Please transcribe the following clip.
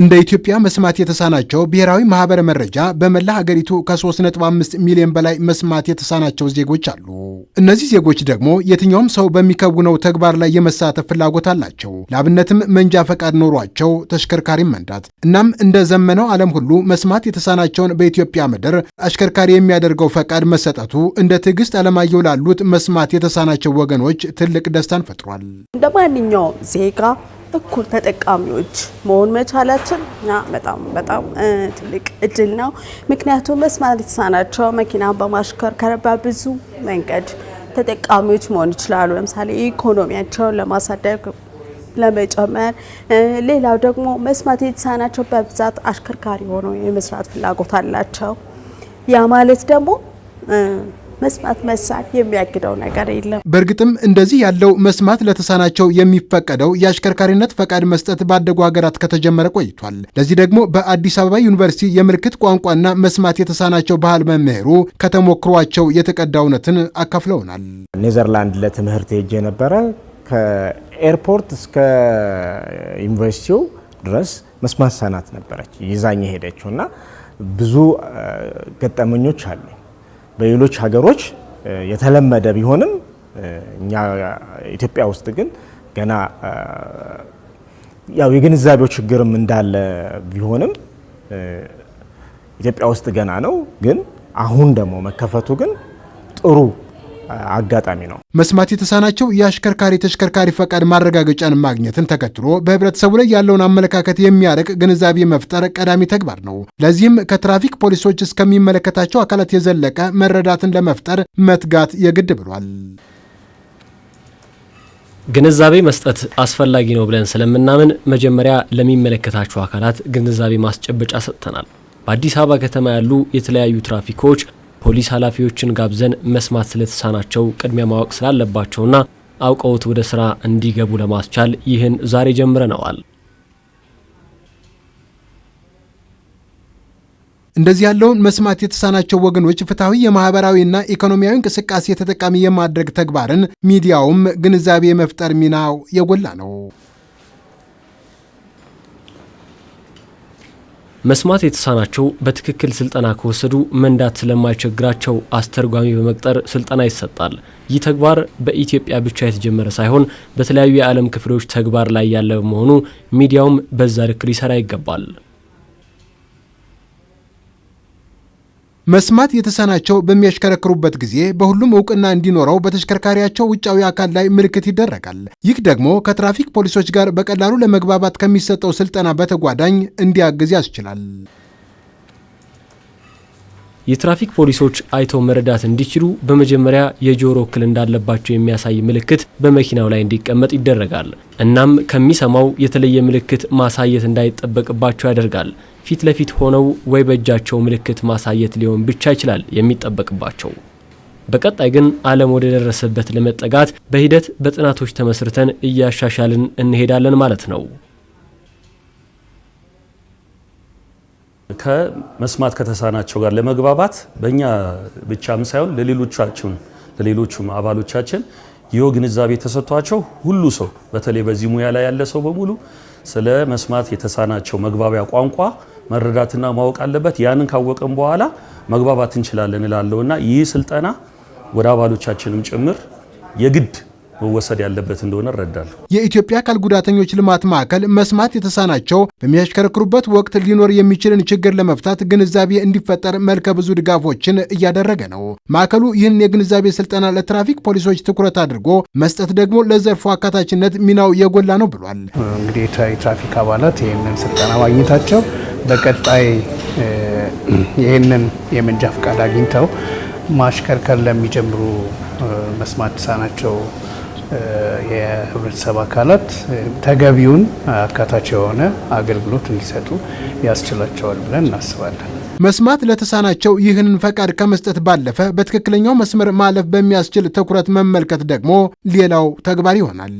እንደ ኢትዮጵያ መስማት የተሳናቸው ብሔራዊ ማህበረ መረጃ በመላ ሀገሪቱ ከ3.5 ሚሊዮን በላይ መስማት የተሳናቸው ዜጎች አሉ። እነዚህ ዜጎች ደግሞ የትኛውም ሰው በሚከውነው ተግባር ላይ የመሳተፍ ፍላጎት አላቸው። ለአብነትም መንጃ ፈቃድ ኖሯቸው ተሽከርካሪም መንዳት። እናም እንደ ዘመነው ዓለም ሁሉ መስማት የተሳናቸውን በኢትዮጵያ ምድር አሽከርካሪ የሚያደርገው ፈቃድ መሰጠቱ እንደ ትዕግስት አለማየሁ ላሉት መስማት የተሳናቸው ወገኖች ትልቅ ደስታን ፈጥሯል። እንደ ማንኛውም ዜጋ እኩል ተጠቃሚዎች መሆን መቻላችን በጣም በጣም ትልቅ እድል ነው። ምክንያቱም መስማት የተሳናቸው መኪና በማሽከርከር በብዙ መንገድ ተጠቃሚዎች መሆን ይችላሉ። ለምሳሌ ኢኮኖሚያቸውን ለማሳደግ ለመጨመር ሌላው ደግሞ መስማት የተሳናቸው በብዛት አሽከርካሪ ሆነው የመስራት ፍላጎት አላቸው። ያ ማለት ደግሞ መስማት መሳት የሚያግደው ነገር የለም። በእርግጥም እንደዚህ ያለው መስማት ለተሳናቸው የሚፈቀደው የአሽከርካሪነት ፈቃድ መስጠት ባደጉ ሀገራት ከተጀመረ ቆይቷል። ለዚህ ደግሞ በአዲስ አበባ ዩኒቨርሲቲ የምልክት ቋንቋና መስማት የተሳናቸው ባህል መምህሩ ከተሞክሯቸው የተቀዳ እውነትን አካፍለውናል። ኔዘርላንድ ለትምህርት ሄጄ የነበረ ከኤርፖርት እስከ ዩኒቨርሲቲው ድረስ መስማት ሳናት ነበረች ይዛኝ ሄደችው እና ብዙ ገጠመኞች አሉ በሌሎች ሀገሮች የተለመደ ቢሆንም እኛ ኢትዮጵያ ውስጥ ግን ገና ያው የግንዛቤው ችግርም እንዳለ ቢሆንም ኢትዮጵያ ውስጥ ገና ነው። ግን አሁን ደግሞ መከፈቱ ግን ጥሩ አጋጣሚ ነው። መስማት የተሳናቸው የአሽከርካሪ ተሽከርካሪ ፈቃድ ማረጋገጫን ማግኘትን ተከትሎ በህብረተሰቡ ላይ ያለውን አመለካከት የሚያርቅ ግንዛቤ መፍጠር ቀዳሚ ተግባር ነው። ለዚህም ከትራፊክ ፖሊሶች እስከሚመለከታቸው አካላት የዘለቀ መረዳትን ለመፍጠር መትጋት የግድ ብሏል። ግንዛቤ መስጠት አስፈላጊ ነው ብለን ስለምናምን መጀመሪያ ለሚመለከታቸው አካላት ግንዛቤ ማስጨበጫ ሰጥተናል። በአዲስ አበባ ከተማ ያሉ የተለያዩ ትራፊኮች ፖሊስ ኃላፊዎችን ጋብዘን መስማት ስለተሳናቸው ቅድሚያ ማወቅ ስላለባቸውና አውቀውት ወደ ስራ እንዲገቡ ለማስቻል ይህን ዛሬ ጀምረነዋል። እንደዚህ ያለውን መስማት የተሳናቸው ወገኖች ፍትሐዊ የማህበራዊና ኢኮኖሚያዊ እንቅስቃሴ ተጠቃሚ የማድረግ ተግባርን ሚዲያውም ግንዛቤ መፍጠር ሚናው የጎላ ነው። መስማት የተሳናቸው በትክክል ስልጠና ከወሰዱ መንዳት ስለማይቸግራቸው አስተርጓሚ በመቅጠር ስልጠና ይሰጣል። ይህ ተግባር በኢትዮጵያ ብቻ የተጀመረ ሳይሆን በተለያዩ የዓለም ክፍሎች ተግባር ላይ ያለ በመሆኑ ሚዲያውም በዛ ልክ ሊሰራ ይገባል። መስማት የተሳናቸው በሚያሽከረክሩበት ጊዜ በሁሉም እውቅና እንዲኖረው በተሽከርካሪያቸው ውጫዊ አካል ላይ ምልክት ይደረጋል። ይህ ደግሞ ከትራፊክ ፖሊሶች ጋር በቀላሉ ለመግባባት ከሚሰጠው ስልጠና በተጓዳኝ እንዲያግዝ ያስችላል። የትራፊክ ፖሊሶች አይተው መረዳት እንዲችሉ በመጀመሪያ የጆሮ እክል እንዳለባቸው የሚያሳይ ምልክት በመኪናው ላይ እንዲቀመጥ ይደረጋል። እናም ከሚሰማው የተለየ ምልክት ማሳየት እንዳይጠበቅባቸው ያደርጋል። ፊት ለፊት ሆነው ወይ በእጃቸው ምልክት ማሳየት ሊሆን ብቻ ይችላል የሚጠበቅባቸው። በቀጣይ ግን ዓለም ወደ ደረሰበት ለመጠጋት በሂደት በጥናቶች ተመስርተን እያሻሻልን እንሄዳለን ማለት ነው። ከመስማት ከተሳናቸው ጋር ለመግባባት በእኛ ብቻም ሳይሆን ለሌሎቻችን ለሌሎቹም አባሎቻችን ይኸው ግንዛቤ ተሰጥቷቸው ሁሉ ሰው በተለይ በዚህ ሙያ ላይ ያለ ሰው በሙሉ ስለ መስማት የተሳናቸው መግባቢያ ቋንቋ መረዳትና ማወቅ አለበት። ያንን ካወቅን በኋላ መግባባት እንችላለን እላለሁና ይህ ስልጠና ወደ አባሎቻችንም ጭምር የግድ መወሰድ ያለበት እንደሆነ እረዳለሁ። የኢትዮጵያ አካል ጉዳተኞች ልማት ማዕከል መስማት የተሳናቸው በሚያሽከረክሩበት ወቅት ሊኖር የሚችልን ችግር ለመፍታት ግንዛቤ እንዲፈጠር መልከ ብዙ ድጋፎችን እያደረገ ነው። ማዕከሉ ይህን የግንዛቤ ስልጠና ለትራፊክ ፖሊሶች ትኩረት አድርጎ መስጠት ደግሞ ለዘርፉ አካታችነት ሚናው የጎላ ነው ብሏል። እንግዲህ የትራፊክ አባላት ይህንን ስልጠና ማግኘታቸው በቀጣይ ይህንን የመንጃ ፈቃድ አግኝተው ማሽከርከር ለሚጀምሩ መስማት የተሳናቸው የህብረተሰብ አካላት ተገቢውን አካታች የሆነ አገልግሎት እንዲሰጡ ያስችላቸዋል ብለን እናስባለን። መስማት ለተሳናቸው ይህንን ፈቃድ ከመስጠት ባለፈ በትክክለኛው መስመር ማለፍ በሚያስችል ትኩረት መመልከት ደግሞ ሌላው ተግባር ይሆናል።